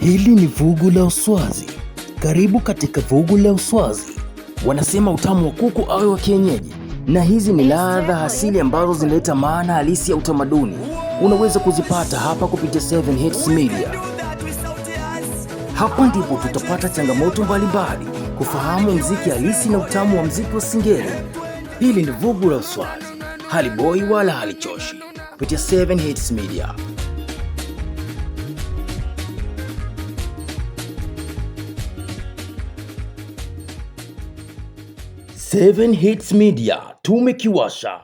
Hili ni vugu la uswazi. Karibu katika vugu la uswazi. Wanasema utamu wa kuku awe wa kienyeji, na hizi ni ladha asili ambazo zinaleta maana halisi ya utamaduni. Unaweza kuzipata hapa kupitia 7 Hits Media. Hapa ndipo tutapata changamoto mbalimbali, kufahamu mziki halisi na utamu wa mziki wa Singeli. Hili ni vugu la uswazi, haliboi wala halichoshi, kupitia 7 Hits Media. Seven Hits Media tumekiwasha.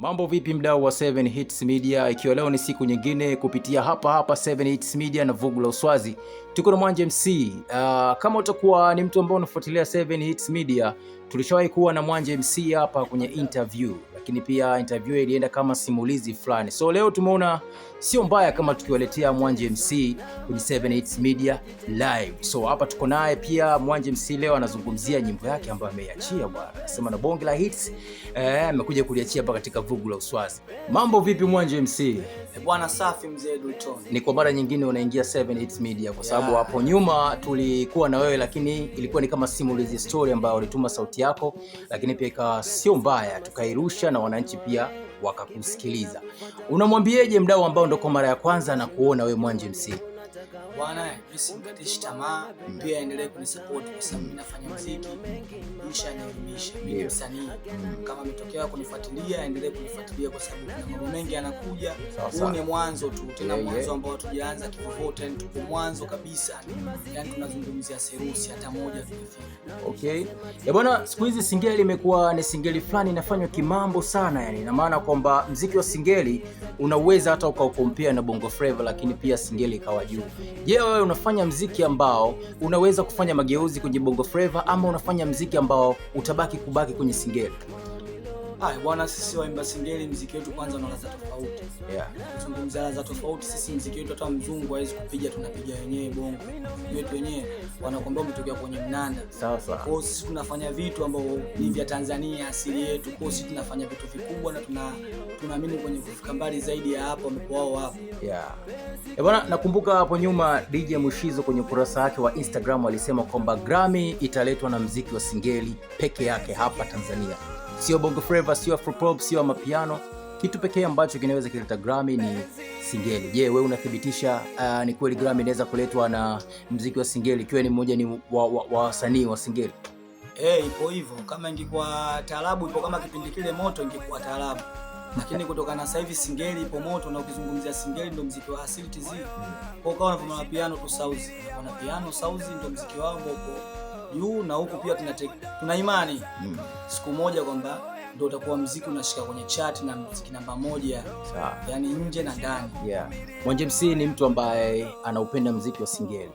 Mambo vipi mdau wa Seven Hits Media, ikiwa leo ni siku nyingine kupitia hapa hapa Seven Hits Media na Vugu la Uswazi, tuko na Mwanje MC. Uh, ah, kama utakuwa ni mtu ambaye unafuatilia Seven Hits Media, tulishawahi kuwa na Mwanje MC hapa kwenye interview lakini pia interview ilienda kama simulizi fulani. So leo tumeona sio mbaya kama tukiwaletea Mwanje MC kwenye 78 Media Live. So hapa tuko naye pia Mwanje MC leo anazungumzia nyimbo yake ambayo ameiachia bwana. Anasema na bonge la hits eh, amekuja kuliachia hapa katika vugu la Uswazi. Mambo vipi Mwanje MC? Bwana safi mzee Dutton. Ni kwa mara nyingine unaingia 78 Media kwa sababu yeah, hapo nyuma tulikuwa na wewe lakini ilikuwa ni kama simulizi story ambayo ulituma sauti yako, lakini pia ikawa sio mbaya tukairusha na wananchi pia wakakusikiliza. Unamwambieje mdau ambao ndo kwa mara ya kwanza na kuona we Mwanji MC? Bwana nisikatishi tamaa, pia endelee kunisapoti kwa sababu mimi nafanya muziki isha naelimisha. Mimi msanii kama ametokea kunifuatilia, endelee kunifuatilia kwa sababu kuna mambo mengi yanakuja. Huu ni mwanzo tu, tena mwanzo ambao hatujaanza kivyovyote, tuko mwanzo kabisa, yani tunazungumzia serusi hata moja vilevile. Okay ya bwana, siku hizi singeli imekuwa ni singeli fulani inafanywa kimambo sana, yani na maana kwamba mziki wa singeli unaweza hata ukaukompea na bongo flava, lakini pia singeli ikawa juu Je, yeah, wewe unafanya mziki ambao unaweza kufanya mageuzi kwenye Bongo Flava ama unafanya mziki ambao utabaki kubaki kwenye singeli? Hai ah, bwana, sisi waimba singeli mziki wetu kwanza na ladha tofauti. Yeah. Tuzungumza ladha tofauti, sisi mziki wetu hata mzungu hawezi kupiga, tunapiga wenyewe bongo. Wetu wenyewe wanakwambia umetokea kwenye mnanda. Sawa sawa. Kwa hiyo sisi tunafanya vitu ambavyo ni vya Tanzania asili yetu. Kwa hiyo sisi tunafanya vitu vikubwa na tuna tunaamini kwenye kufika mbali zaidi ya hapo mkoa wao hapo. Yeah. Eh, bwana nakumbuka hapo nyuma DJ Mushizo kwenye ukurasa wake wa Instagram alisema kwamba Grammy italetwa na mziki wa singeli peke yake hapa Tanzania sio bongo flava, sio afro pop, sio mapiano. Kitu pekee ambacho kinaweza kileta Grammy ni singeli. Je, wewe unathibitisha uh, ni kweli Grammy inaweza kuletwa na mziki wa singeli, ikiwa ni mmoja ni wa wasanii wa, wa wa singeli? Eh, ipo hivyo. Kama ingekuwa taarabu ipo kama kipindi kile moto, ingekuwa taarabu lakini kutokana sasa hivi singeli ipo moto, na ukizungumzia singeli ndio mziki wa asili tizi kwa kawa na piano tu sauzi, na piano sauzi ndio mziki wao ambao juu na huku pia tuna imani mm. siku moja kwamba ndo utakuwa mziki unashika kwenye chati na mziki namba moja Sa. yani nje na ndani yeah. Mwanje MC ni mtu ambaye anaupenda mziki wa singeli,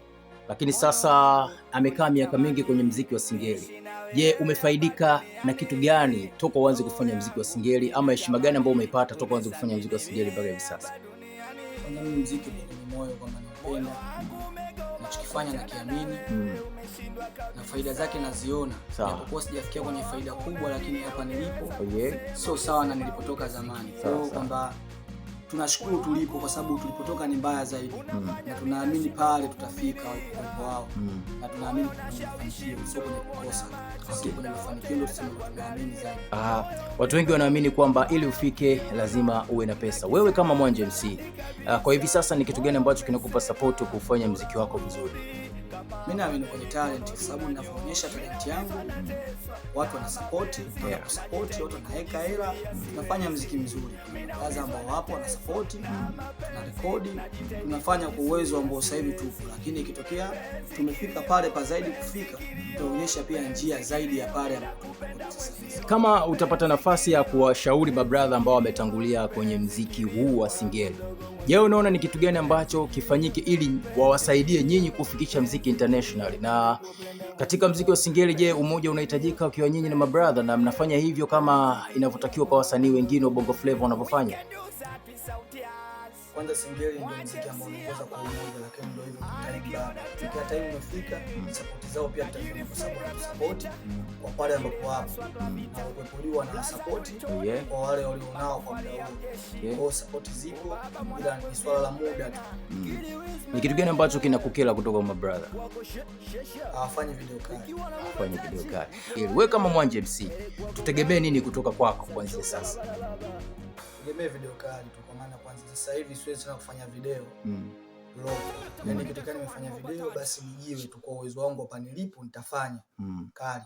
lakini sasa amekaa miaka mingi kwenye mziki wa singeli. Je, umefaidika na kitu gani toka uanze kufanya mziki wa singeli, ama heshima gani ambayo umeipata toka uanze kufanya mziki wa singeli mpaka hivi sasa? Mziki ni moyo kwa maana nachokifanya nakiamini mm. na faida zake naziona, japokuwa sijafikia kwenye faida kubwa, lakini hapa nilipo oh, yeah. sio sawa na nilipotoka zamani, kwamba tunashukuru tulipo, kwa sababu tulipotoka ni mbaya zaidi mm. na tunaamini pale tutafika walipo wao mm. na tunaamini mafanikio, sio kwenye kukosa, Ah, watu wengi wanaamini kwamba ili ufike lazima uwe na pesa. Wewe kama Mwanje MC, ah, kwa hivi sasa ni kitu gani ambacho kinakupa support kufanya mziki wako vizuri? mimi naamini kwenye talent kwa sababu ninavyoonyesha talent yangu watu wanasapoti, wanakusapoti, watu wanaweka hela, tunafanya mziki mzuri, kaza ambao wapo wanasapoti, rekodi tunafanya kwa uwezo ambao sasa hivi tupo, lakini ikitokea tumefika pale pa zaidi kufika, tutaonyesha pia njia zaidi ya pale. Kama utapata nafasi ya kuwashauri mabradha ambao wametangulia kwenye mziki huu wa Singeli Je, unaona ni kitu gani ambacho kifanyike ili wawasaidie nyinyi kufikisha mziki international? Na katika mziki wa Singeli, je, umoja unahitajika ukiwa nyinyi na mabradha na mnafanya hivyo kama inavyotakiwa kwa wasanii wengine wa Bongo Flava wanavyofanya? Kwanza Singeli ndio mziki ambao unaongoza kwa umoja, lakini ndio hivyo baada ya time imefika, support zao pia tutafanya kwa sababu ya support kwa pale ambapo wapo na kuepuliwa na support kwa wale walionao kwa muda huo, kwa support zipo, ila ni swala la muda tu. Mm. Ni kitu gani ambacho kinakukela kutoka kwa mabrother? Afanye video kali, afanye video kali. Ili wewe kama Mwanje MC, tutegemee nini kutoka kwako kuanzia sasa? Tegemee video kali tu, kwa maana kwanza sasa hivi siwezi tena kufanya video mm low. Yaani kitu nimefanya video basi nijiwe tu kwa uwezo wangu hapa nilipo nitafanya. Mm. Kali.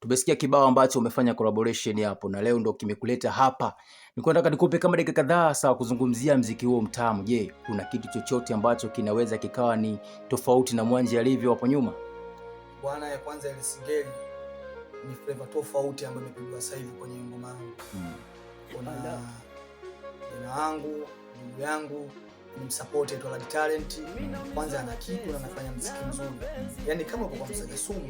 Tumesikia kibao ambacho umefanya collaboration hapo na leo ndo kimekuleta hapa. Nilikuwa nataka nikupe kama dakika kadhaa sawa kuzungumzia mziki huo mtamu. Je, kuna kitu chochote ambacho kinaweza kikawa ni tofauti na Mwanji alivyo hapo nyuma? Bwana ya kwanza ile singeli ni flavor tofauti ambayo imepigwa sasa hivi kwenye ngoma yangu. Mm. Kuna jina yangu, ndugu yangu ni msapoti aitwa Lady Talent. Kwanza ana kitu na anafanya muziki mzuri, yani kama kwa Msanya sumu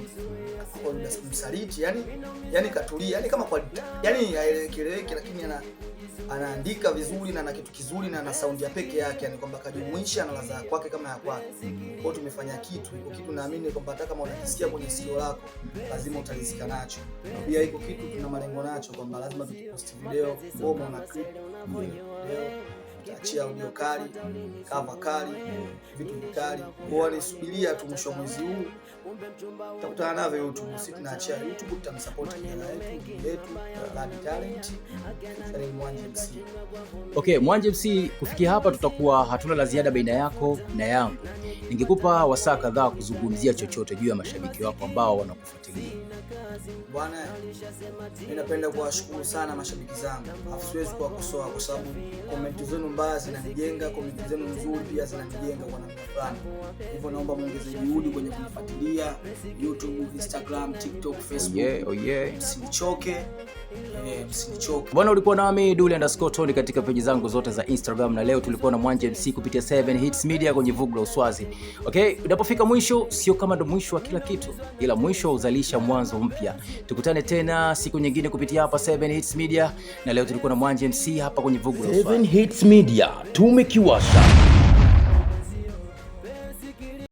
kwa msaliti, yani yani katulia, yani kama kwa yani haeleweki, lakini ana anaandika vizuri na ana kitu kizuri na ana saundi ya peke yake, yani kwamba kajumuisha na ladha kwake kama ya kwake. Kwa tumefanya kitu iko kitu, naamini kwamba hata kama unakisikia kwenye sikio lako lazima utalizika nacho, na pia hiko kitu tuna malengo nacho kwamba lazima tupost video, promo na clip video achia audio kali, kava kali, vitu vikali. Kwa wanisubiria tu mwisho mwezi huu takutana navyo YouTube. Sisi tunaachia YouTube, tutamsupport kijana wetu yetu Bad Talent Salim Mwanje MC. Okay, Mwanje MC, kufikia hapa tutakuwa hatuna la ziada baina yako na yangu. Ningekupa wasaa kadhaa kuzungumzia chochote juu ya mashabiki wako ambao wanakufuatilia Bwana, ninapenda kuwashukuru sana mashabiki zangu, afu siwezi kuwakosoa kwa sababu komenti zenu mbaya zinanijenga, komenti zenu nzuri pia zinanijenga kwa namna fulani. Hivyo naomba muongeze juhudi kwenye kunifuatilia YouTube, Instagram, TikTok, Facebook. Oh yeah, oh yeah. Msichoke. Eh, msichoke. Mbona ulikuwa nami Duli underscore Tony katika peji zangu zote za Instagram, na leo tulikuwa na Mwanje MC kupitia 7 Hits Media kwenye vugu la Uswazi. Okay, unapofika mwisho, sio kama ndo mwisho wa kila kitu, ila mwisho uzalisha mwanzo mpya. Tukutane tena siku nyingine kupitia hapa 7 Hits Media, na leo tulikuwa na Mwanje MC hapa kwenye vugu la Uswazi. 7 Hits Media tumekiwasha.